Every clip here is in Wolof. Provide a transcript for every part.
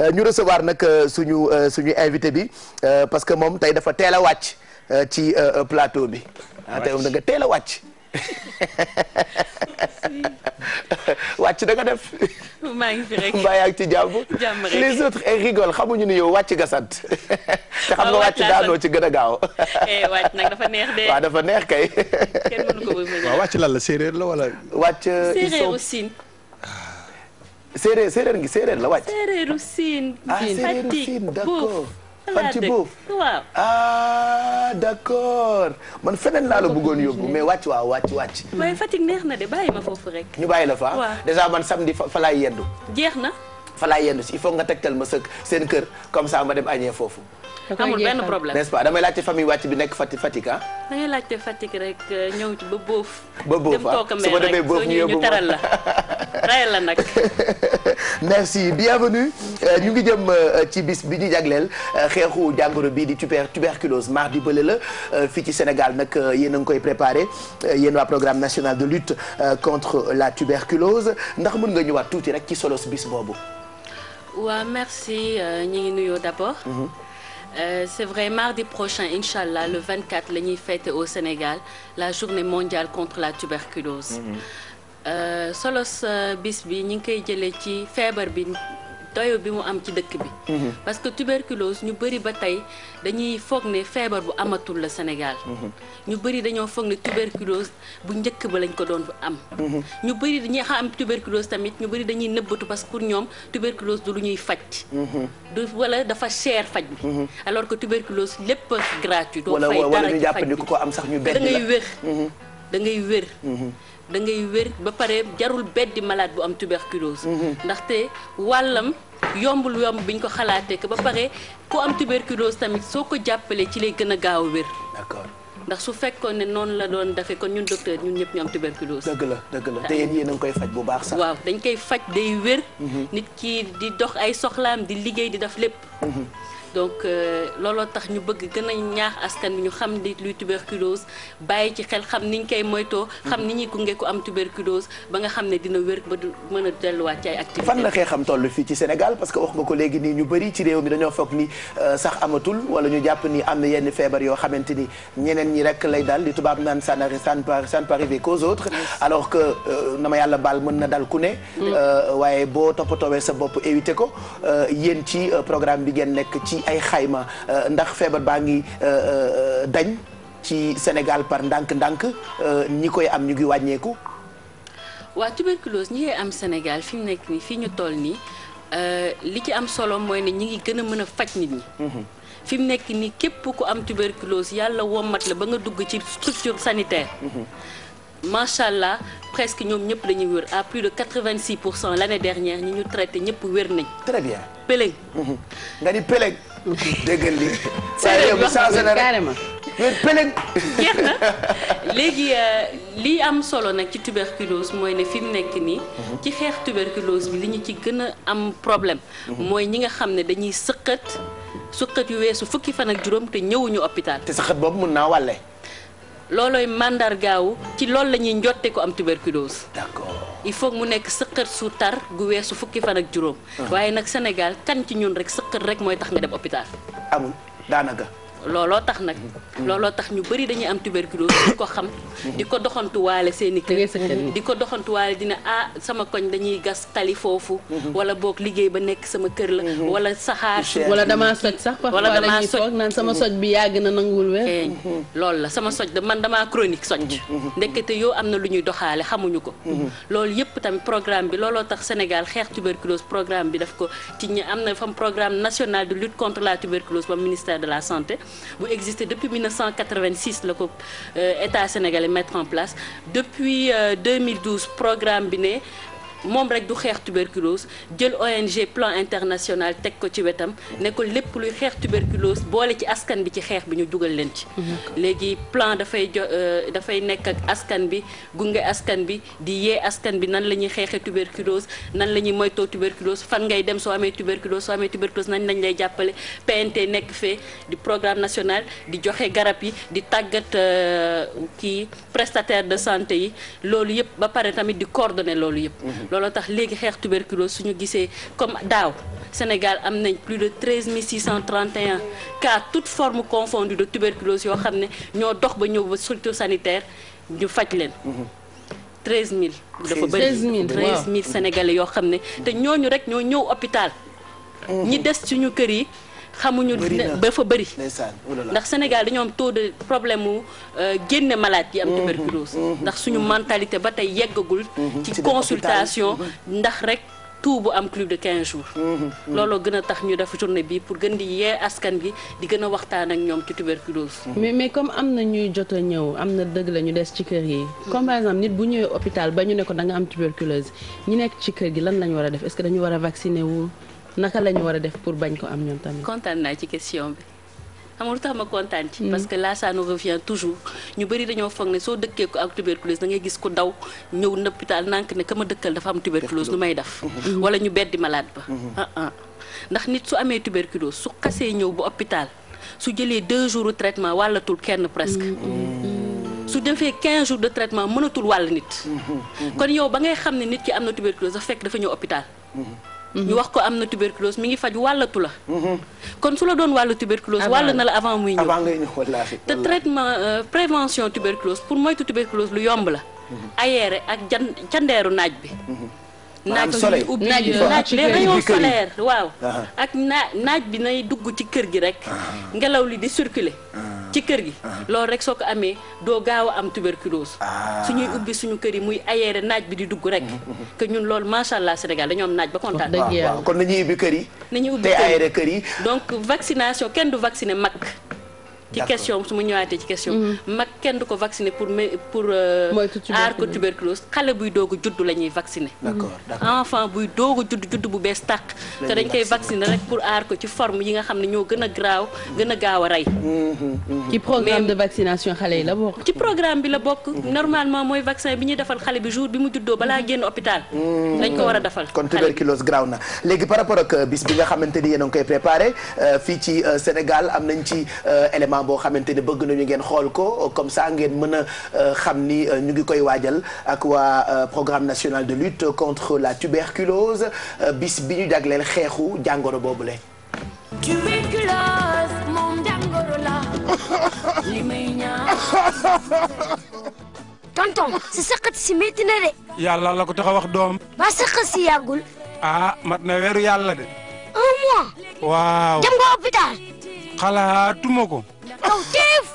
Euh, ñu recevoir nag euh, suñu euh, suñu invité bi parce que moom tey dafa teel a wàcc ci plateau bi. ah danga moom da nga teel a wàcc. wàcc da nga def. maa ngi ngi ci jàmm. jàmm rek les autres et eh, rigole xamuñu ni yow wàcc nga sant. te xam nga oh, wàcc daanoo ci gën a gaaw. Eh, wàcc nag dafa neex de. kay. kenn mënu ko wàcc lan la séeréer la walla wàcc ils sont séeréer séeréer ngi séeréer la wàcc. séeréeru siin. ah séeréeru siin d'accord Fatick Boof waaw. ah d'accord man feneen laa la bëggoon yóbbu mais wàcc waaw wàcc wàcc. waaye Fatick neex na de bàyyi ma foofu rek. ñu bàyyi la fa. déjà man samedi fa fa laay yeddu. jeex na. fa yenn si il faut nga tegtal ma sëkk seen kër comme ça ma dem añee foofu. amul benn problème n'est-ce pas damay laajte famille wàcc bi nekk Fatick Fatick ah. da ngay laajte Fatick rek euh, ñëw ci ba boof. ba boof ah? su ma demee boof ñu yóbbu la rayal la nag. merci bienvenue euh, ñu ngi jëm euh, ci bis bi ñu jagleel xeexu jàngoro bii di tuber tuberculose di bële la fii ci Sénégal nag yéen a ngi koy préparer yéen waa programme national de lutte contre la tuberculose ndax mën nga ñëwaat tuuti rek ci solos bis boobu. waaw merci euh, ñu ngi nuyoo d'abord. Mhm. Euh, c'est vrai mardi prochain inchallah le 24 la ñuy fête au Sénégal la journée mondiale contre la tuberculose. Mm -hmm. euh, solos euh, bis bi ñu ngi koy jëlee ci feebar bi doyo bi mu am ci dëkk bi. Mhm. parce que tuberculose ñu bëri ba tey dañuy foog ne feebar bu amatul la Sénégal. Mhm. ñu bëri dañoo foog ne tuberculose bu njëkk ba lañ ko doon am. Mhm. ñu bëri dañuy xam tuberculose tamit ñu bëri dañuy nëbbatu parce que pour ñoom tuberculose du lu ñuy faj. du wala dafa cher faj bi. alors que tuberculose lépp gratuit. doo fay dara ci faj bi wala wala ñu jàpp ne ku ko am sax ñu benn la da ngay wér. da ngay wér. da ngay wér ba pare jarul beddi malaat bu am tuberculose. Mhm. ndaxte wàllam yombul yomb bi ñu ko xalaatee que ba pare ku am tuberculose tamit soo ko jàppalee ci lay gën a gaaw a wér. ndax su fekkoon ne noonu la doon defee kon ñun docteur ñun ñëpp ñu am tuberculose. dëgg la dëgg la te yéen yéen a ngi koy faj bu baax sax. waaw dañ koy faj day wér. Mm-hmm. nit ki di dox ay soxlaam di liggéey di def lépp. Mm-hmm. donc euh, looloo tax ñu bëgg gën a ñaax askan bi ñu xam di luy tuberculose bàyyi ci xel xam ni ñu koy moytoo. xam mm-hmm. ni ñuy gunge ku am tuberculose ba nga xam ne dina wér ba du mën a delluwaat ci ay activités. fan la xeexam toll fii ci Sénégal parce que wax nga ko léegi nii ñu bëri ci réew mi dañoo foog ni euh, sax amatul wala ñu jàpp ni am yenn feebar yoo xamante ni ñeneen ñi rek lay dal li tubaab naan ça ne peut arriver qu'aux autres alors que euh, na ma yàlla baal mën na dal ku ne mm. euh, waaye boo toppatoowee sa bopp éviter ko euh, yéen ci programme bi ngeen nekk ci ay xayma ndax feebar baa ngi dañ ci Sénégal par ndànk-ndànk ñi koy am ñu ngi wàññeeku waa tuberculose ñi koy am Sénégal fi mu nekk nii fii ñu toll nii li ci am solo mooy ne ñi ngi gën a mën a faj nit ñi mm-hmm. fi mu nekk nii képp ku am tuberculose yàlla wommat la ba nga dugg ci structure sanitaire. Mhm. macha allah presque ñoom ñëpp dañuy wér à plus de 86 pour cent l' année dernière ñi ñu traité ñëpp wér nañ. très bien Peleng. Mhm. nga ni Peleng. dégg nga lii. carrément Peleng. jeex na léegi euh, am solo nag ci tuberculose mooy ne fi mu nekk nii. Mhm. ci xeex tuberculose bi li ñu ci gën a am problème. mooy ñi nga xam ne dañuy sëqat. suqat yu weesu fukki fan ak juróom te ñëwuñu hôpital. te saxat boobu mun naa wàlle. loolooy màndargaawu ci loolu la ñuy njotte ko am tuberculose. d'accord il faut mu nekk sëqët su tar gu weesu fukki fan ak juróom. Ah. waaye nag Sénégal kan ci ñun rek sëqët rek mooy tax nga dem hôpital. amul daanaka. looloo tax nag. looloo tax ñu bëri dañuy am tuberculose di ko xam. di ko doxantuwaale seen i kër. di ko doxantuwaale dina ah sama koñ dañuy gas tali foofu. wala boog liggéey ba nekk sama kër la. wala saxaar wala damaa soj sax. wala damaa soj naan sama soj bi yàgg na nanguwul weer. Eh, loolu la sama soj da man damaa chronique soj. ndekete yoo am na lu ñuy doxaale xamuñu ko. loolu yëpp tamit programme bi looloo tax Sénégal xeex tuberculose programme bi daf ko ci am na fam national de lutte contre la de la santé. bu exister depuis 1986 la ko euh, état sénégalais mettre en place depuis 2012 euh, programme bi ne moom rek du xeex tuberculose jël ONG plan international teg ko ci wetam ne ko lépp luy xeex tuberculose boole ci askan bi ci xeex bi ñu dugal leen ci. Mm-hmm. léegi plan dafay jo euh, dafay nekk ak askan bi gunge askan bi di yee askan bi nan la ñuy xeexee tuberculose nan la ñuy moytoo tuberculose fan ngay dem soo amee tuberculose soo amee tuberculose nañ lañ lay jàppale PNT nekk fee di programme national di joxe garab yi di tàggat euh, kii prestataire de santé yi loolu yëpp ba pare tamit di coordonner loolu yëpp. Mm-hmm. looloo tax léegi xeex tuberculose suñu gisee comme daaw Sénégal am nañ plus de 13 631 cas toutes formes confondues de tuberculose yoo xam ne ñoo dox ba ñëw ba structure sanitaire ñu faj leen. 13000. dafa bëri 13000 13000 sénégalais yoo xam ne te ñooñu rek ñoo ñëw hôpital. Mm-hmm. ñi des suñu kër yi. xamuñu ba fa bëri oh ndax Sénégal dañoom am taux de problème mu euh, génne malade yi am mmh, mmh, tuberculose mmh, ndax suñu mentalité ba tey yeggagul ci consultation ndax rek tout bu am plus de 15 jours looloo gën a tax ñu def journée bi pour gën di yee askan gi di gën a waxtaan ak ñoom ci tuberculose mais mais comme am na ñuy jot a ñëw am na dëgg la ñu des ci kër yi comme par exemple nit bu ñëwee hôpital ba ñu ne ko nga am tuberculose ñu nekk ci kër gi lan lañu war a def est dañu war a vacciner wu naka lañu war a def pour bañ ko am ñoom tamit. kontaan naa ci question bi. xam tax ma kontaan ci. Hmm. parce que là ça nous revient toujours ñu bëri dañoo foog ne soo dëkkee ko ak tuberculose da ngay gis ku daw ñëw hôpital nànk ne ka ma dëkkal dafa am tuberculose lu may def. wala ñu beddi malade ba. Hmm. Ah, ah ndax nit su amee tuberculose su xasee ñëw ba hôpital su jëlee deux jours de traitement wàllatul kenn presque. Hmm. su defee 15 jours de traitement mënatul wàll nit. kon yow ba ngay xam ne nit ki am na tuberculose dafa fekk dafa ñëw hôpital. ñu wax ko am na tuberculose mi ngi faj wàllatu la mhm. kon su la doon wàllu tuberculose wàll na la avant muy ñëw te traitement euh, prévention tuberculose pour moytu tuberculose lu yomb la mhm. aéré ak jan candeeru naaj bi mhm. naaj bi ubbi naaj les rayons waaw ak naa naaj bi nay dugg ci kër gi rek ngelaw li di circuler ci kër gi loolu rek soo ko amee doo gaaw a am tuberculose ah. suñuy ubbi suñu kër yi muy aéré naaj bi di dugg rek que ñun loolu macha allah Sénégal dañoo am naaj ba kontaan kon nañuy ubbi kër yi nañuy ubbi kër yi kër yi donc vaccination kenn du vacciner mag ci question su mu ñëwaatee ci question mm-hmm. mag kenn du ko vacciner pour pour euh, aar ko tuberculose xale buy doog juddu judd la ñuy vacciner mm-hmm. enfant buy doog a judd judd bu bees tàq te dañ koy vacciner rek pour aar ko ci forme yi nga xam ne ñoo gën a graaw gën a gaaw a rey mm-hmm, ci programme de vaccination xale yi la bokk ci programme bi la bokk normalement mooy vaccin bi ñuy defal xale bi jour bi mu juddoo balaa génn hôpital dañ ko war a defal kon tuberculose graaw na léegi par rapport ak euh, bis bi nga xamante ni yéen a ngi koy préparé euh, fii ci Sénégal am nañ ci élément boo xamante ni bëgg nañu ngeen xool ko comme ça ngeen mën a euh, xam ni euh, ñu ngi koy waajal ak waa euh, programme national de lutte contre la tuberculose bis bi ñu jagleel xeexu jàngoro boobule. tuberculose moom jàngoro la tonton si saqat si métti na yàlla la ko tax a wax doom. ba saqat si yàggul. ah mat na weeru yàlla de. un mois. waaw. dem nga hôpital. xalaatuma ko. kaw teef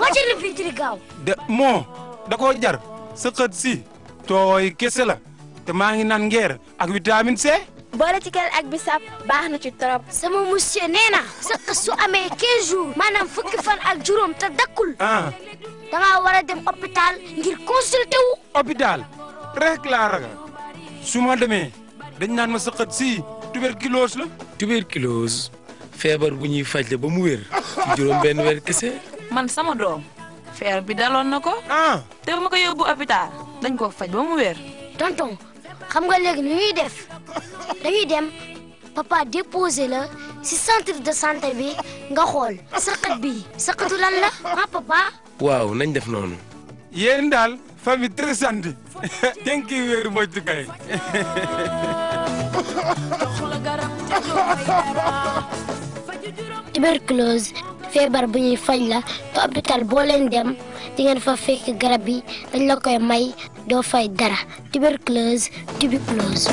wàccal na fii gaaw. de moo da ko jar sa si tooy kese la te maa ngi naan ngeer ak vitamine C. boole ci kel ak bisap baax na ci trop. sama monsieur nee na sa amee 15 jours maanaam fukki fan ak juróom te dakkul. ah da dem hôpital ngir consulter wu. hôpital rek laa ragal su ma demee dañ naan ma sa xët si tuberculose la. tuberculose feebar bu ñuy faj la ba mu wér ci juróom benn weer kese. man sama doom feer bi daloon na ko. Ah. te ma ko yóbbu hôpital dañ ko faj ba mu wér. tonton xam nga léegi nu ñuy def dañuy dem papa déposé la ci centre de santé bi nga xool saqat bi saqatu lan la ah papa. waaw nañ def noonu. yéen daal famille très santé dénk yi wéeru moytu kay. tuberculose feebar bu ñuy faj la te hôpital boo leen dem di ngeen fa fekk garab yi dañ la koy may doo fay dara tuberculose tuberculose.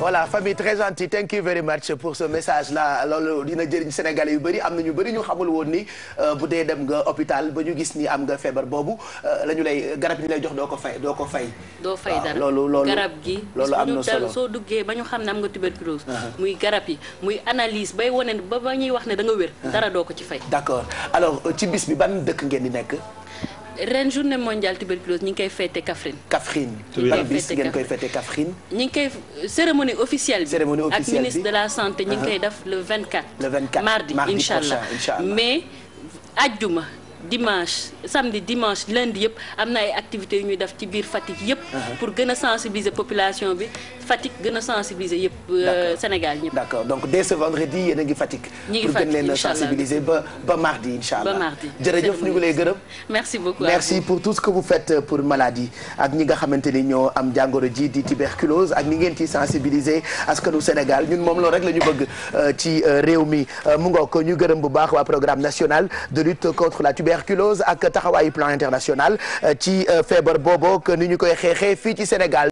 voilà famille très gentille thank you very much pour ce message là loolu dina jëriñ sénégalais yu bëri am na ñu bëri ñu xamul woon ni euh, bu dee dem nga hôpital ba ñu gis ni am nga feebar boobu euh, la ñu lay garab yi lay jox doo ko fay doo ko fay. doo fay loolu loolu garab gi. loolu am na solo soo duggee ba ñu xam ne am nga tuberculose. Uh-huh. muy garab yi muy analyse bay wane ba ba ñuy wax ne danga nga wér. Uh-huh. dara doo ko ci fay. d'accord alors euh, ci bis bi ban dëkk ngeen di nekk. ren journée mondiale tuberculose ñu ngi koy fêté Kaffrine. Kaffrine ban bis ngeen koy fêté Kaffrine. ñu ngi koy cérémonie officielle bi. cérémonie ak ministre de la santé ñu ngi uh-huh. koy def le 24. le 24 mardi mardi incha allah mais ajjuma. dimanche samedi dimanche lundi yëpp am na ay activités yu ñuy def ci biir Fatick yëpp. Uh-huh. pour gën a sensibiliser population bi Fatick gën a sensibiliser yëpp. Euh, Sénégal ñëpp. d'accord donc dès ce vendredi yéen a ngi Fatick. ñu ngi Fatick pour gën leen a sensibiliser ba ba mardi incha allah. ba mardi jërëjëf ñu ngi lay gërëm. merci beaucoup merci pour tout ce que vous faites pour maladie ak ñi nga xamante ni ñoo am jàngoro ji di tuberculose ak ni ngeen ci sensibiliser askanu Sénégal ñun moom loolu rek la ñu bëgg euh, ci euh, réew mi mu ñu gërëm bu baax waa national tuberculose ak taxawaayu plan international euh, ci euh, feebar boobu ni ñu koy xeexee fii ci Sénégal.